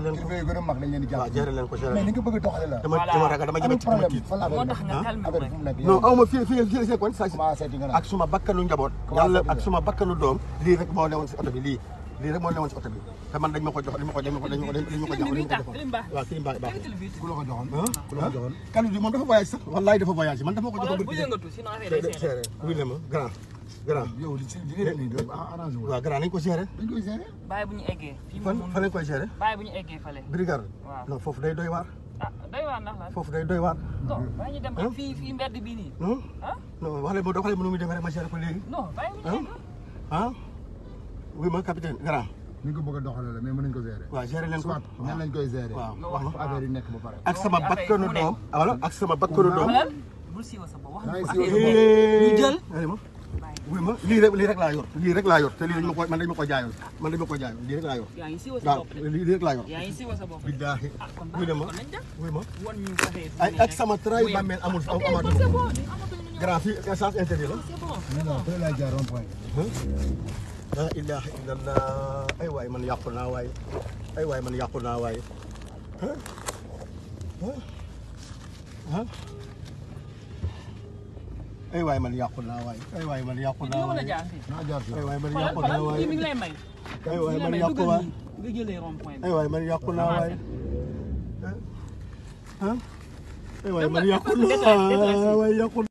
géré leen ko gën a mag dañ leen di jàpp géré leen ko géré mais ni nga bëgg a doxale la dama dama ragal dama jëm ci dama tiit moo tax nga calme rek non aw ma fii fii fii seen koñ ak suma bakkanu njaboot yàlla ak suma bakkanu doom lii rek moo newoon si oto bi lii lii rek moo newoon si oto bi te man dañ ma ko jox dañ ma ko dañ ma ko dañ ma ko dañ ma ko jox waaw kilim baax baax ku la ko joxoon ah? ku la ko ah? joxoon kalu bi moom dafa voyage sax wallaay dafa voyage man dafa ko joxoon bu yëngatu sinon affaire yi seere wuy le ma grand grand yow li ci ah, ko gérer. nañ bu ñu lañ koy gérer. bàyyi bu ñu eggee fële. brigade. waaw non foofu day doy waar. Ah, foofu day doy waar. non bàyyi fii fii mbedd bii nii. ah non wax leen ma doxalee mënu muy demee rek ma gérer ko léegi. non bàyyi bu ma capitaine grand. ni nga ko mais mën nañ ko gérer. waaw gérer leen ko soit nan lañ koy gérer. waaw wax ba pare. ak sama bakkanu doom. wala ak sama bakkanu doom. bul siiwa sa wuy ma lii rek lii rek laa yor lii rek laa yor ma ko man dañ ma ko jaayoon man ma ko jaayoon lii rek laa sa bopp de lii rek laa yor. yaa ngi siiwa sa bopp de billaahi. wuy ah, ma wuy ma ay ak sama traay bàmmeel amul amatu ma grand fii essence interdit la. laa ilaaha illallah ay waay man yàqu naa waay ay man yàqu naa waay ah ah. ay waay man yàqu naa waay ay waay man yàqu naa waay ay waay man yàqu naa waay ay waay man yàqu waay ay waay man yàqu naa waay ay waay man yàqu naa waay yàqu